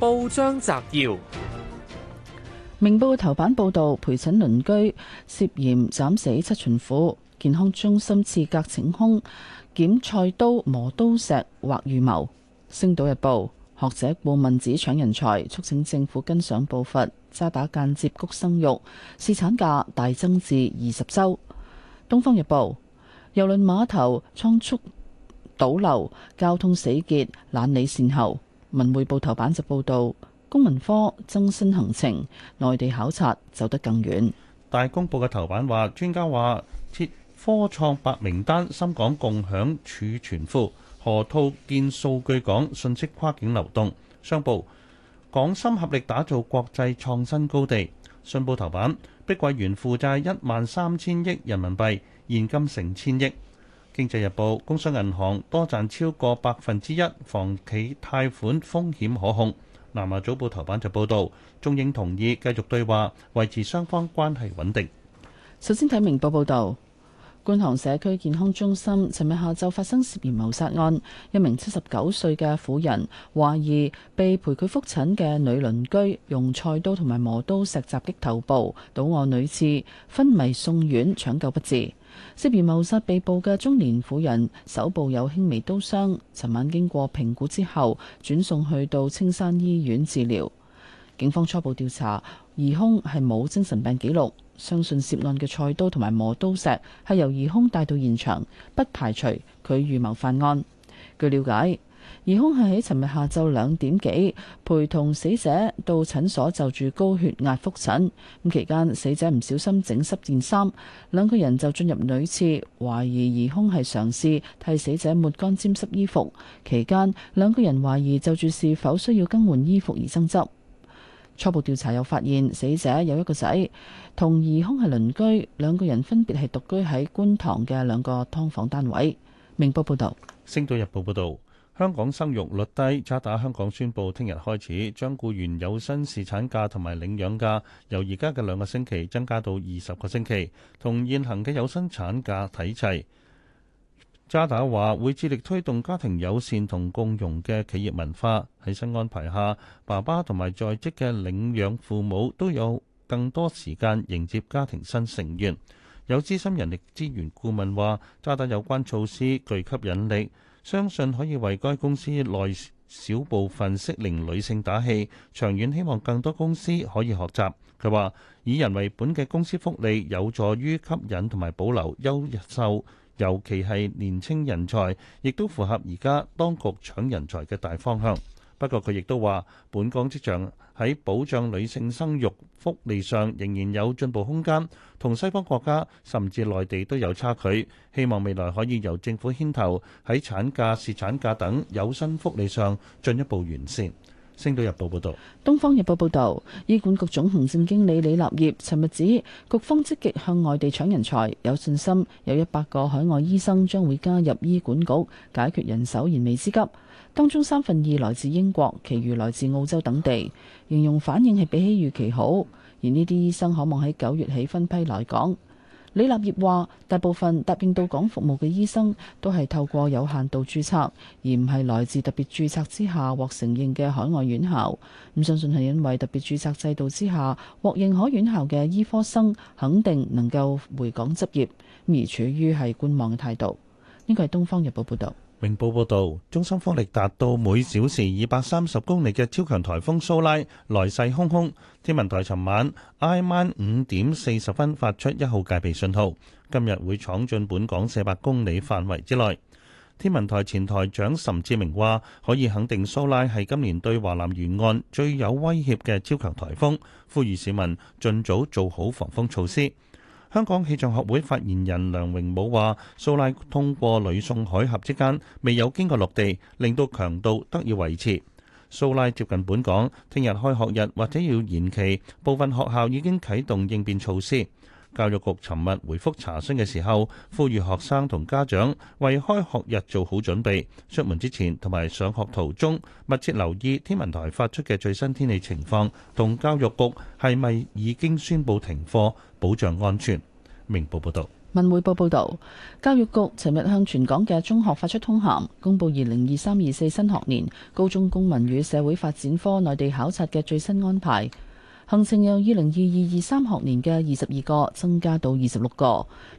報章摘要：明報頭版報道，陪診鄰居涉嫌斬死七旬婦；健康中心刺格逞凶，檢菜刀磨刀石或預謀。星島日報：學者顧問指搶人才，促請政府跟上步伐，渣打間接谷生育。侍產假大增至二十周。東方日報：郵輪碼頭倉促倒流，交通死結，懶理善後。文匯報頭版就報道，公民科增薪行程內地考察走得更遠。大公報嘅頭版話，專家話，設科創白名單，深港共享儲存庫，河套建數據港，信息跨境流動。商報，港深合力打造國際創新高地。信報頭版，碧桂園負債一萬三千億人民幣，現金成千億。《經濟日報》工商銀行多賺超過百分之一，房企貸款風險可控。《南華早報》頭版就報道，中英同意繼續對話，維持雙方關係穩定。首先睇明報報導，觀塘社區健康中心尋日下晝發生涉嫌謀殺案，一名七十九歲嘅婦人，懷疑被陪佢覆診嘅女鄰居用菜刀同埋磨刀石襲擊頭部，倒卧女廁，昏迷送院搶救不治。涉嫌謀殺被捕嘅中年婦人，手部有輕微刀傷。尋晚經過評估之後，轉送去到青山醫院治療。警方初步調查，疑兇係冇精神病記錄，相信涉案嘅菜刀同埋磨刀石係由疑兇帶到現場，不排除佢預謀犯案。據了解，疑兇係喺尋日下晝兩點幾陪同死者到診所就住高血壓覆診。咁期間，死者唔小心整濕件衫，兩個人就進入女廁，懷疑疑兇係嘗試替死者抹乾沾濕衣服。期間兩個人懷疑就住是否需要更換衣服而爭執。初步調查又發現死者有一個仔同疑兇係鄰居，兩個人分別係獨居喺觀塘嘅兩個劏房單位。明報報道。星島日報報道。香港生育率低，渣打香港宣布聽日開始，將僱員有薪侍產假同埋領養假由而家嘅兩個星期增加到二十個星期，同現行嘅有薪產假睇齊。渣打話會致力推動家庭友善同共融嘅企業文化，喺新安排下，爸爸同埋在職嘅領養父母都有更多時間迎接家庭新成員。有資深人力資源顧問話：指有關措施具吸引力，相信可以為該公司內少部分適齡女性打氣。長遠希望更多公司可以學習。佢話：以人為本嘅公司福利有助於吸引同埋保留優秀，尤其係年輕人才，亦都符合而家當局搶人才嘅大方向。不過，佢亦都話，本港職場喺保障女性生育福利上仍然有進步空間，同西方國家甚至內地都有差距。希望未來可以由政府牽頭喺產假、侍產假等有薪福利上進一步完善。星島日報報道，東方日報報道，醫管局總行政經理李立業尋日指，局方積極向外地搶人才，有信心有一百個海外醫生將會加入醫管局，解決人手燃眉之急。當中三分二來自英國，其餘來自澳洲等地，形容反應係比起預期好。而呢啲醫生可望喺九月起分批來港。李立業話：大部分答應到港服務嘅醫生都係透過有限度註冊，而唔係來自特別註冊之下獲承認嘅海外院校。唔相信係因為特別註冊制度之下獲認可院校嘅醫科生肯定能夠回港執業，而處於係觀望嘅態度。呢個係《東方日報》報道。明報報導，中心風力達到每小時二百三十公里嘅超強颱風蘇拉來勢洶洶，天文台尋晚挨晚五點四十分發出一號戒備信號，今日會闖進本港四百公里範圍之內。天文台前台長岑志明話，可以肯定蘇拉係今年對華南沿岸最有威脅嘅超強颱風，呼籲市民盡早做好防風措施。香港氣象學會發言人梁榮武話，蘇拉通過呂宋海峽之間，未有經過陸地，令到強度得以維持。蘇拉接近本港，聽日開學日或者要延期，部分學校已經啟動應變措施。教育局尋日回覆查詢嘅時候，呼籲學生同家長為開學日做好準備，出門之前同埋上學途中密切留意天文台發出嘅最新天氣情況，同教育局係咪已經宣佈停課，保障安全。明報報道。文匯報報道，教育局尋日向全港嘅中學發出通函，公布二零二三二四新學年高中公民與社會發展科內地考察嘅最新安排。行程由二零二二二三學年嘅二十二個增加到二十六個，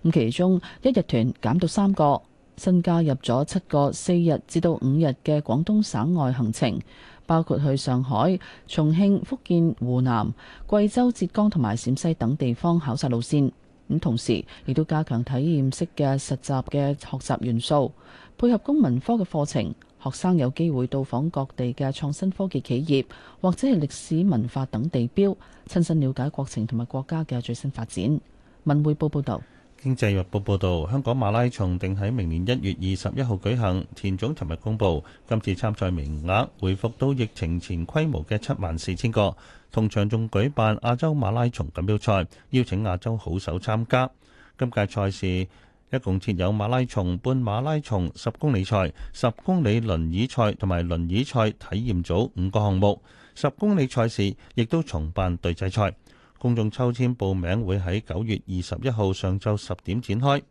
咁其中一日團減到三個，新加入咗七個四日至到五日嘅廣東省外行程，包括去上海、重慶、福建、湖南、貴州、浙江同埋陝西等地方考察路線，咁同時亦都加強體驗式嘅實習嘅學習元素，配合公民科嘅課程。學生有機會到訪各地嘅創新科技企業，或者係歷史、文化等地標，親身了解國情同埋國家嘅最新發展。文匯報報道。經濟日報報道，香港馬拉松定喺明年一月二十一號舉行。田總尋日公布，今次參賽名額回復到疫情前規模嘅七萬四千個，同場仲舉辦亞洲馬拉松錦標賽，邀請亞洲好手參加。今屆賽事。一共設有馬拉松、半馬拉松、十公里賽、十公里輪椅賽同埋輪椅賽體驗組五個項目。十公里賽事亦都重辦隊際賽。公眾抽籤報名會喺九月二十一號上晝十點展開。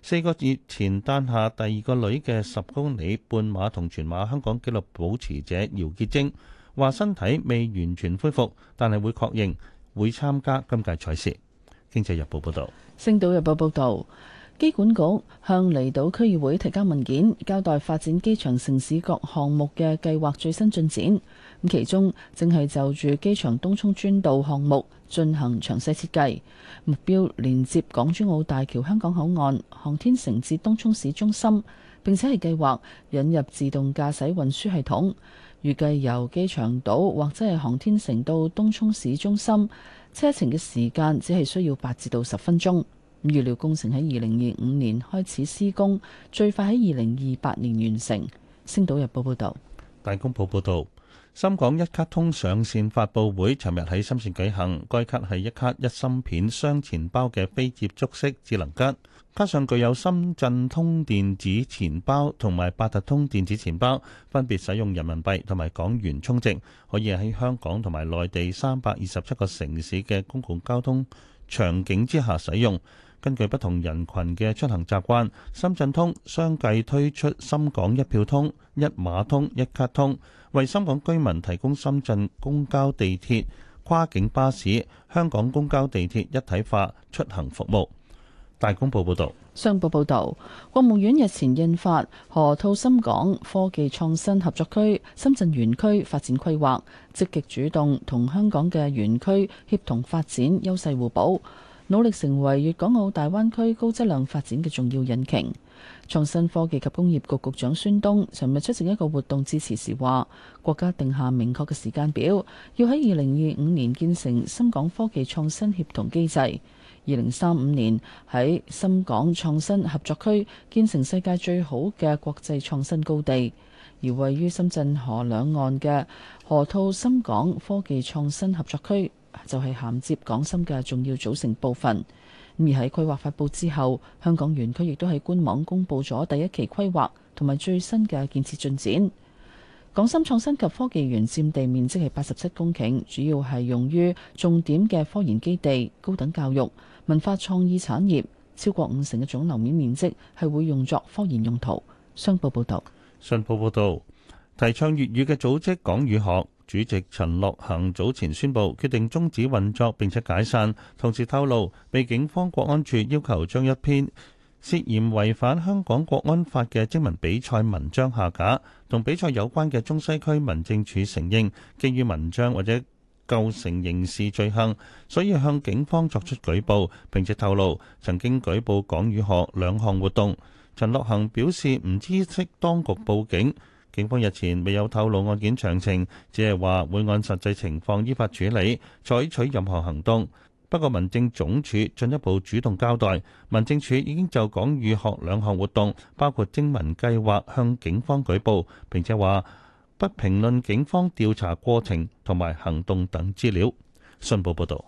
四個月前誕下第二個女嘅十公里半馬同全馬香港紀錄保持者姚潔晶話：身體未完全恢復，但係會確認會參加今屆賽事。經濟日報報道。星島日報報道。機管局向離島區議會提交文件，交代發展機場城市各項目嘅計劃最新進展。咁其中正係就住機場東涌專道項目進行詳細設計，目標連接港珠澳大橋、香港口岸、航天城至東涌市中心，並且係計劃引入自動駕駛運輸系統。預計由機場島或者係航天城到東涌市中心，車程嘅時間只係需要八至到十分鐘。預料工程喺二零二五年開始施工，最快喺二零二八年完成。《星島日報》報道，《大公報》報道，深港一卡通上線發佈會尋日喺深圳舉行。該卡係一卡一芯片雙錢包嘅非接觸式智能卡，卡上具有深圳通電子錢包同埋八達通電子錢包，分別使用人民幣同埋港元充值，可以喺香港同埋內地三百二十七個城市嘅公共交通場景之下使用。根據不同人群嘅出行習慣，深圳通相繼推出深港一票通、一碼通、一卡通，為深港居民提供深圳公交、地鐵、跨境巴士、香港公交、地鐵一體化出行服務。大公報報道，商報報道，國務院日前印發《河套深港科技創新合作區深圳園區發展規劃》，積極主動同香港嘅園區協同發展優勢，優勢互補。努力成為粵港澳大灣區高質量發展嘅重要引擎。創新科技及工業局局長孫東尋日出席一個活動致辭時話：國家定下明確嘅時間表，要喺二零二五年建成深港科技創新協同機制，二零三五年喺深港創新合作區建成世界最好嘅國際創新高地。而位於深圳河兩岸嘅河套深港科技創新合作區。就係銜接港深嘅重要組成部分。而喺規劃發布之後，香港園區亦都喺官網公布咗第一期規劃同埋最新嘅建設進展。港深創新及科技園佔地面積係八十七公頃，主要係用於重點嘅科研基地、高等教育、文化創意產業。超過五成嘅總樓面面積係會用作科研用途。商報報導，信報報導提倡粵語嘅組織港語學。主席陳樂行早前宣布決定終止運作並且解散，同時透露被警方國安處要求將一篇涉嫌違反香港國安法嘅徵文比賽文章下架。同比賽有關嘅中西區民政處承認基於文章或者構成刑事罪行，所以向警方作出舉報，並且透露曾經舉報港語學兩項活動，陳樂行表示唔知悉當局報警。警方日前未有透露案件詳情，只係話會按實際情況依法處理，採取任何行動。不過民政總署進一步主動交代，民政署已經就港語學兩項活動，包括徵文計劃向警方舉報，並且話不評論警方調查過程同埋行動等資料。信報報道。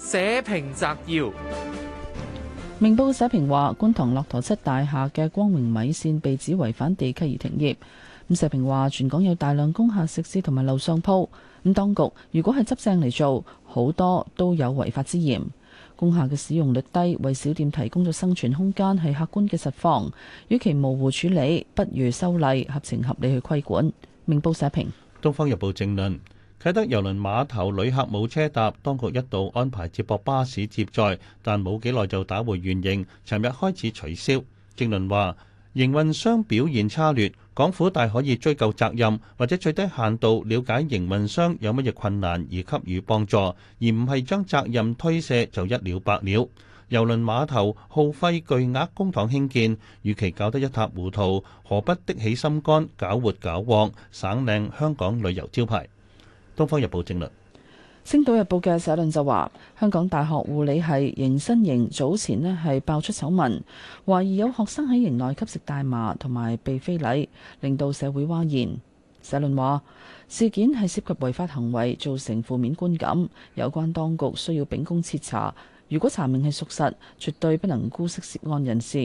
社評摘要。明報社評話，觀塘駱駝漆大廈嘅光明米線被指違反地契而停業。咁社評話，全港有大量工廈食肆同埋樓上鋪，咁當局如果係執正嚟做，好多都有違法之嫌。工廈嘅使用率低，為小店提供咗生存空間，係客觀嘅實況。與其模糊處理，不如修例合情合理去規管。明報社評，《東方日報》正論。啟德遊輪碼頭旅客冇車搭，當局一度安排接駁巴士接載，但冇幾耐就打回原形。尋日開始取消。正論話營運商表現差劣，港府大可以追究責任，或者最低限度了解營運商有乜嘢困難而給予幫助，而唔係將責任推卸就一了百了。遊輪碼頭耗費巨額公帑興建，與其搞得一塌糊塗，何不的起心肝，搞活搞旺省靚香港旅遊招牌？《東方日報》政論，《星島日報》嘅社論就話：香港大學護理系迎新營早前呢係爆出醜聞，懷疑有學生喺營內吸食大麻同埋被非禮，令到社會譁然。社論話事件係涉及違法行為，造成負面觀感，有關當局需要秉公徹查。如果查明係屬實，絕對不能姑息涉案人士，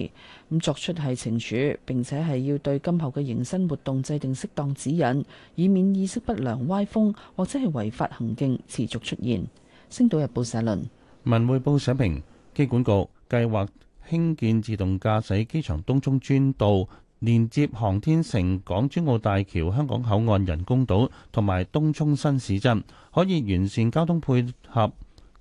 咁作出係懲處，並且係要對今後嘅迎新活動制定適當指引，以免意識不良、歪風或者係違法行徑持續出現。星島日報社論。文匯報社評，機管局計劃興建自動駕駛機場東涌專道，連接航天城、港珠澳大橋香港口岸人工島同埋東涌新市鎮，可以完善交通配合。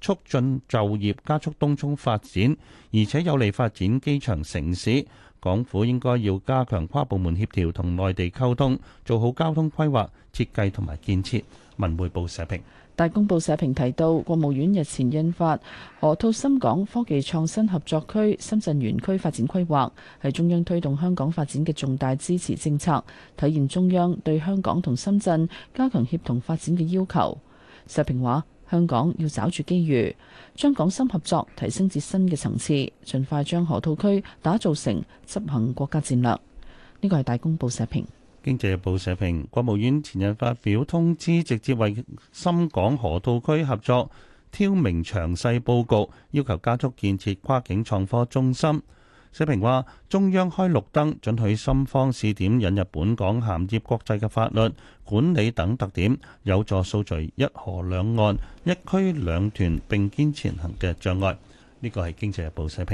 促進就業、加速東涌發展，而且有利發展機場城市，港府應該要加強跨部門協調同內地溝通，做好交通規劃設計同埋建設。文匯報社評。大公報社評提到，國務院日前印發《河套深港科技創新合作區深圳園區發展規劃》，係中央推動香港發展嘅重大支持政策，體現中央對香港同深圳加強協同發展嘅要求。社評話。香港要抓住機遇，將港深合作提升至新嘅層次，盡快將河套區打造成執行國家戰略。呢個係大公報社評，《經濟日報》社評，國務院前日發表通知，直接為深港河套區合作挑明詳細佈局，要求加速建設跨境創科中心。社評話，中央開綠燈，准許深方試點引入本港銜接國際嘅法律管理等特點，有助掃除一河兩岸、一區兩團並肩前行嘅障礙。呢個係經濟日報社評。